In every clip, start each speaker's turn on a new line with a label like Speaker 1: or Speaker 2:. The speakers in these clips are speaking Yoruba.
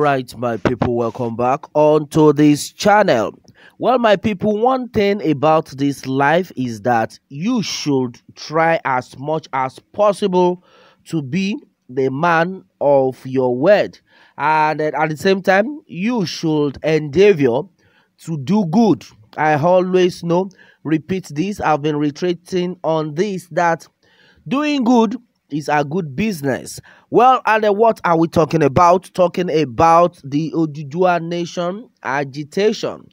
Speaker 1: right my people welcome back onto this channel well my people one thing about this life is that you should try as much as possible to be the man of your word and at the same time you should endeavor to do good i always know repeat this i've been retreating on this that doing good is a good business well, and uh, what are we talking about? Talking about the Oduduwa Nation agitation.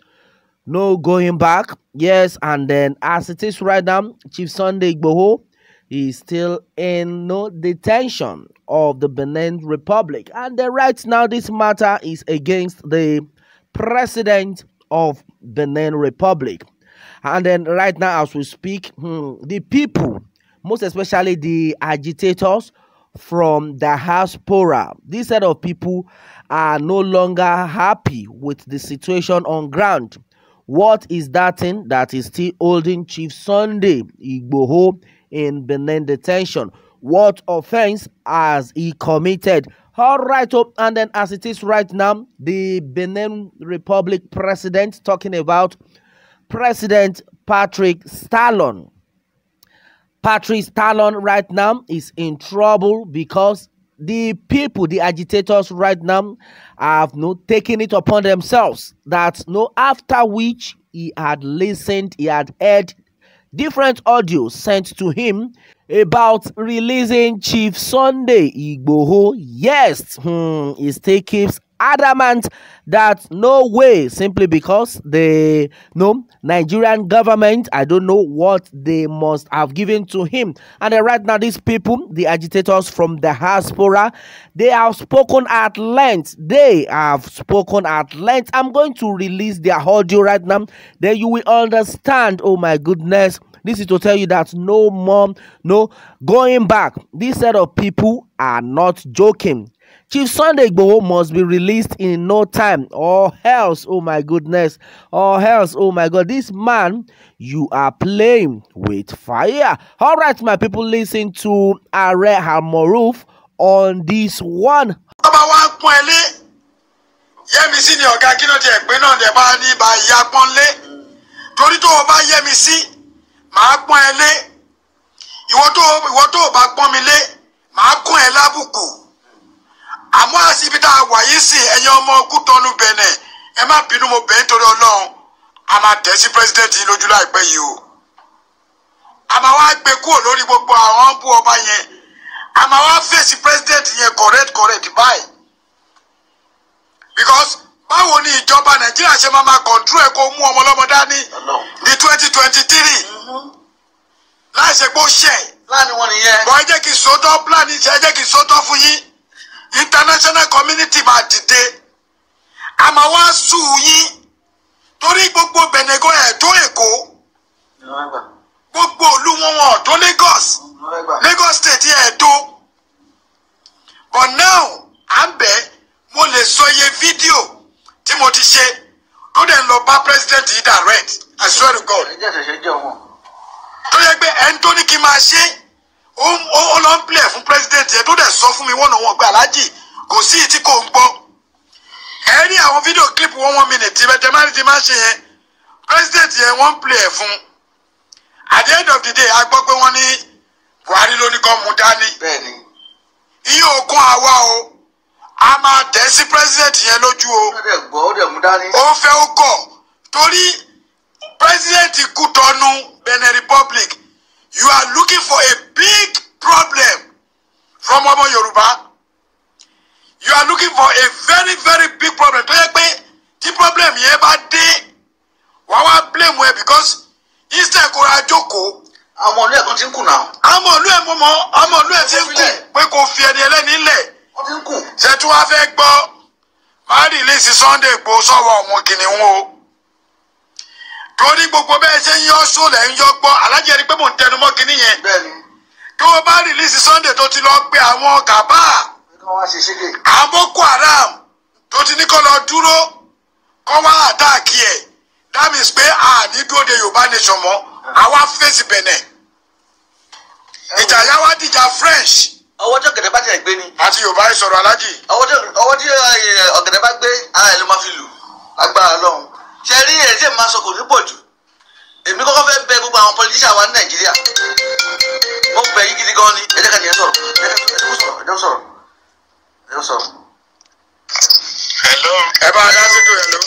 Speaker 1: No going back. Yes, and then as it is right now, Chief Sunday Igboho is still in no detention of the Benin Republic. And uh, right now, this matter is against the president of Benin Republic. And then right now, as we speak, hmm, the people, most especially the agitators, from the diaspora. This set of people are no longer happy with the situation on ground. What is that thing that is still holding Chief Sunday Igboho in Benin detention? What offense has he committed? All right, up oh, and then as it is right now, the Benin Republic president talking about President Patrick Stallone Patrice Talon right now is in trouble because the people, the agitators right now, have not taken it upon themselves that no, after which he had listened, he had heard different audio sent to him about releasing Chief Sunday Igboho. Yes, hmm, he still keeps adamant that no way simply because the no Nigerian government I don't know what they must have given to him and right now these people the agitators from the diaspora they have spoken at length they have spoken at length I'm going to release their audio right now then you will understand oh my goodness this is to tell you that no mom no going back this set of people are not joking Chief Sunday Igboho must be released in no time or else oh my goodness or else oh my god this man you are playing with fire all right my people listen to Ààrẹ Hamoruf on this one. ọba wa ni
Speaker 2: ọ̀gá kí náà tiẹ̀ pé náà lè máa ní ibà ìyá pọ́n lé torí tó o bá Yẹ́misí màá pọ́n ẹ lé ìwọ tó o bá pọ́n mi lé màá kún ẹ lábùkù àmọ́ àṣìbí tá a wà yìí sìn ẹ̀yin ọmọ ogun tọ́nu bẹ̀nẹ̀ ẹ má bínú mo bẹ̀ nítorí ọlọ́run a máa tẹ̀ sí president yìí lójú láìpẹ́ yìí o a máa wá gbé kúrò lórí gbogbo àwọn bú ọba yẹn a máa wá fèsì president yẹn correct correct báyìí because báwo ni ìjọba nàìjíríà ṣe máa máa control ẹ̀ kó mú ọmọ ọlọ́mọ dání ní twenty twenty three láì ṣe pé ó ṣẹ̀ láàrin wọn nìyẹn bọ́ ẹ jẹ́ kí sótọ́ plan ẹ jẹ́ kí sótọ́ fún yín international community máa dìde a máa wá sùn yín torí gbogbo bẹ̀nẹ̀gọ́ ẹ̀dọ́ èkó gbogbo òlu wọn wọn ọ̀dọ́ Lagos Lagos state ẹ̀dọ́ but now à ń bẹ̀ mo lè sọ iye fídíò tí mo ti ṣe tó dẹ̀ ń lọ bá president yìí direct I swear to God tó yẹ pé ẹni tó ní kí n máa ṣe é ó lọ ń pilẹ̀ fún president yẹn tó dẹ̀ sọ fún mi wọ́n náà wọ́n gba aláàjì kò sí ìtí kò ń gbọ́ ẹ ní àwọn fídíò clip one one minute tìbẹ̀tẹ̀ máa ń ti máa ṣe yẹn president yẹn wọ́n ń pilẹ̀ fún at the end of the day a gbọ́ pé wọ́n ní Buhari ló ní kó mú dání iye òkun àwa o a máa tẹ̀ sí president yẹn lójú o ó fẹ́ ó kọ̀ torí president kú tọ́nu Benin Republic you are looking for a big problem from ọmọ Yoruba. you are looking for a very very big problem tó yẹ pé tí problem yẹn bá dé wàá wá blame ẹ because instead kó ra jókòó. àwọn ọ̀nà ẹ̀ tó ti ń kù náà. àwọn ọ̀nà ẹ̀ mọ̀mọ́ àwọn ọ̀nà ẹ̀ ti ń kù pé kò fi ẹni ẹlẹ́ni lẹ̀. ó ti ń kù. ṣètò wa fẹ́ gbọ́ máa rìlẹ́sì Sunday Igboho sọ̀rọ̀ ọ̀hún kìnìún o torí gbogbo bẹ́ẹ̀ ṣe ń yọ sólẹ̀ ń yọ gbọ́ alájẹ ni pé mò ń tẹnu mọ́ kinní yẹn kí wọ́n bá rìlísì Sunday tó ti lọ pe àwọn kàbá àwọn Boko Haram tó ti ní kọ́ lọ dúró kọ́ wá àtàkì ẹ̀ that pé àní dúró de Yorùbá nation mọ́ àwa fèsì bẹ̀nẹ̀ ìjà yá wá dìjà French ọwọ́ tí ọ̀gẹ̀dẹ̀ bá tiẹ̀ gbé ni. àti yorùbá yìí sọ̀rọ̀ alájì. ọwọ́ tí ọ̀gẹ̀dẹ̀ bá gbé ara ẹ̀ ló máa fi lù agbára ọlọ́run ṣe rí èrè tí èmi máa sọ kò ní pọ̀ jù èmi kọ́kọ́ fẹ́ bẹ gbogbo àwọn pọlitíṣà wa ní nàìjíríà mo bẹ̀ yí gidi gan ni ẹ jẹ́ ká nìyẹn sọ̀rọ̀ ẹ jẹ́ sọ̀rọ̀
Speaker 3: ẹ jẹ́ sọ̀rọ̀ ẹ jẹ́ sọ̀rọ̀. hello. ẹ bá a dá sí ìdúró hello.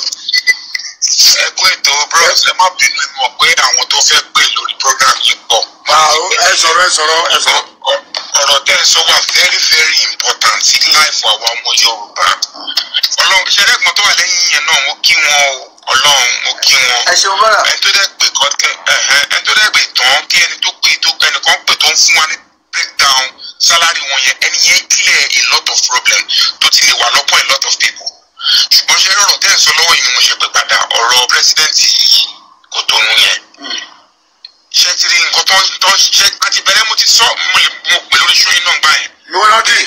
Speaker 3: ẹ kú ètò bros ẹ má bínú ìmọ̀ pé àwọn tó fẹ́ pè lórí program yìí pọ̀. ẹ sọ̀rọ̀ ẹ sọ̀rọ̀ ẹ sọ̀rọ̀. ọ̀rọ̀ tẹ́ ẹ sọ wà very very important sí life àwa ọmọ yorùbá ọlọ́run ṣẹlẹ́gbọ̀n tó wà lẹ́yìn yẹn náà ó kí wọn o ọlọ́run mo kí wọn. ẹ ṣeun bọ́dà. ẹni tó dẹ̀ pè kọ́ ẹni tó dẹ̀ pè tán kí ẹni tó pè tó ẹnìkan pè tó ń fún wa ní breakdown salary wọn yẹn ẹni yẹn clear a lot of problem tó ti lè wà lọ́pọ̀ a lot of people. ṣùgbọ́n ṣe rọrọ̀ tẹ́ ẹ̀ sọ lọ́wọ́ yìí ni mo ṣe pè padà ọ̀rọ̀ president yìí kò tó nu yẹn. Hmm. ṣé ti rí nǹkan tó ń tọ́ ṣe àti bẹ̀rẹ̀ mo ti sọ mo pè lórí ṣóyìn náà gbà yẹn. lọ́wọ́ lọ́dún.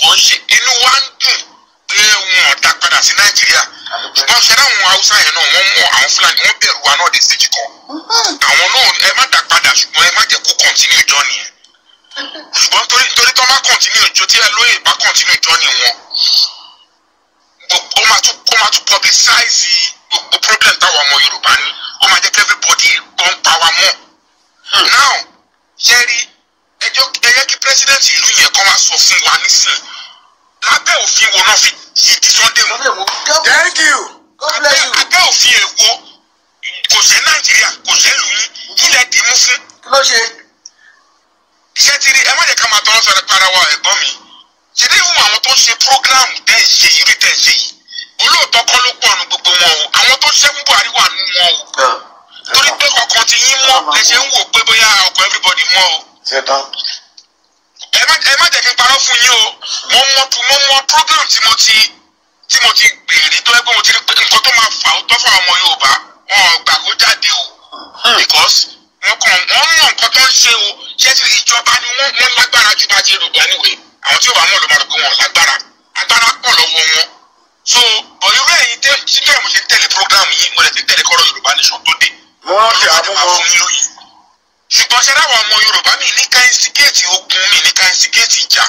Speaker 3: kò ń ṣe inú wa ń dùn pé wọn ò dá padà sí nàìjíríà ṣùgbọ́n ṣẹlẹ̀ àwọn haúsá yẹn náà wọ́n mọ àwọn fúlàní wọ́n bẹ̀rù wa náà dé stage kan mm-hmm. àwọn náà ẹ má dá padà ṣùgbọ́n ẹ má jẹ́ kó continue journey yẹn ṣùgbọ́n torí torí tó má continue jo tí ẹ lóye bá continue journey wọn ó máa tún ó máa tún publicize gbogbo problem táwọn ọmọ yorùbá ní ó máa jẹ́ kí everybody gbọ́n pa wa mọ́ hmm. now ṣẹ́rí ẹjọ́ ẹ̀yẹ́ kí president ìlú yẹn kọ́ wá sọ fún wa nísìnyí abẹ́ òfin wo náà fi yìí Sunday mu. thank you. abẹ́ òfin èwo kò sẹ́ Nàìjíríà kò sẹ́ lùmí kí lẹ dì í mú fún. kí ló ṣe. iṣẹ́ ti rí ẹ má jẹ́ ká máa tọrọ sọ̀rọ̀ para wa ẹ̀gbọ́n mi ṣe dé ìwọ̀n àwọn tó ń ṣe program tẹ̀ ń ṣe yìí tẹ̀ ń ṣe yìí olóòótọ́ kọ́ ló pọ̀ nù gbogbo wọn o àwọn tó ṣiṣẹ́ fún Buhari wà nù wọn o ah. torí pé ọkàn ti yín mọ́ ah. ẹ ṣe ń wò pé bóyá ọkọ̀ everybody mọ́ o ẹ má jẹ́ kí n parọ́ fún yín o mo mọ mo mọ program tí mo ti tí mo ti gbèrè tó yẹ pé mo ti rí pé nǹkan tó máa fà ó tọ́ fún ọmọ Yorùbá wọn gbà kó jáde o because wọn kàn wọn mọ nǹkan tó ń ṣe o ṣé ti ìjọba ni wọn wọn lágbára ju bá ti rò níwèé àwọn tí Yorùbá mọ̀ ló máa rò wọn lágbára agbára pọ̀ lọ́wọ́ wọn so bọ̀ irú ẹ̀yin tẹ́ ṣíbẹ̀ mo ṣe tẹ̀lé program yìí mo lè ti tẹ̀lé kọ́rọ̀ Yorùbá nation tó dé. wọ́n ti àmúmọ́ ṣùgbọ́n ṣe ráwọn ọmọ Yorùbá mi ní ká instigate ogun mi ní ká instigate ìjà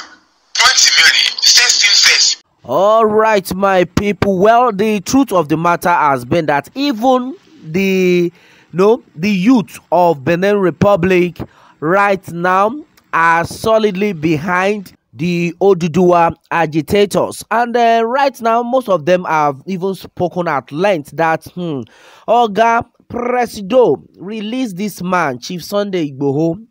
Speaker 1: point mi rèé same All right, my people. Well, the truth of the matter has been that even the no the youth of Benin Republic right now are solidly behind the Oduduwa agitators. And uh, right now, most of them have even spoken at length that, hmm, Oga Presido, release this man, Chief Sunday Igboho.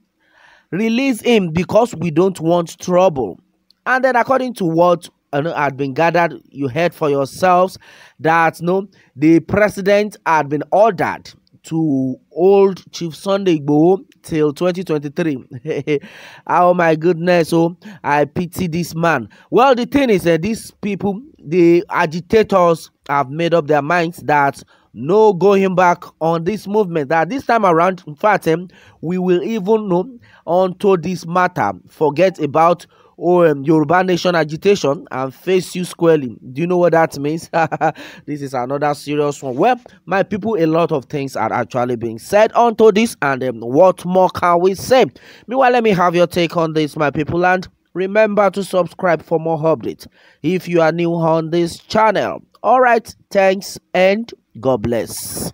Speaker 1: Release him because we don't want trouble. And then, according to what you uh, know, had been gathered, you heard for yourselves that you no, know, the president had been ordered to old Chief Sunday Igboho till 2023. oh my goodness, oh, I pity this man. Well, the thing is that uh, these people, the agitators, have made up their minds that no going back on this movement. That this time around, in fact, eh, we will even know onto this matter. Forget about oh, urban um, Yoruba Nation agitation, and face you squarely. Do you know what that means? this is another serious one. Well, my people, a lot of things are actually being said onto this, and um, what more can we say? Meanwhile, let me have your take on this, my people, and remember to subscribe for more updates if you are new on this channel. All right. Thanks and God bless.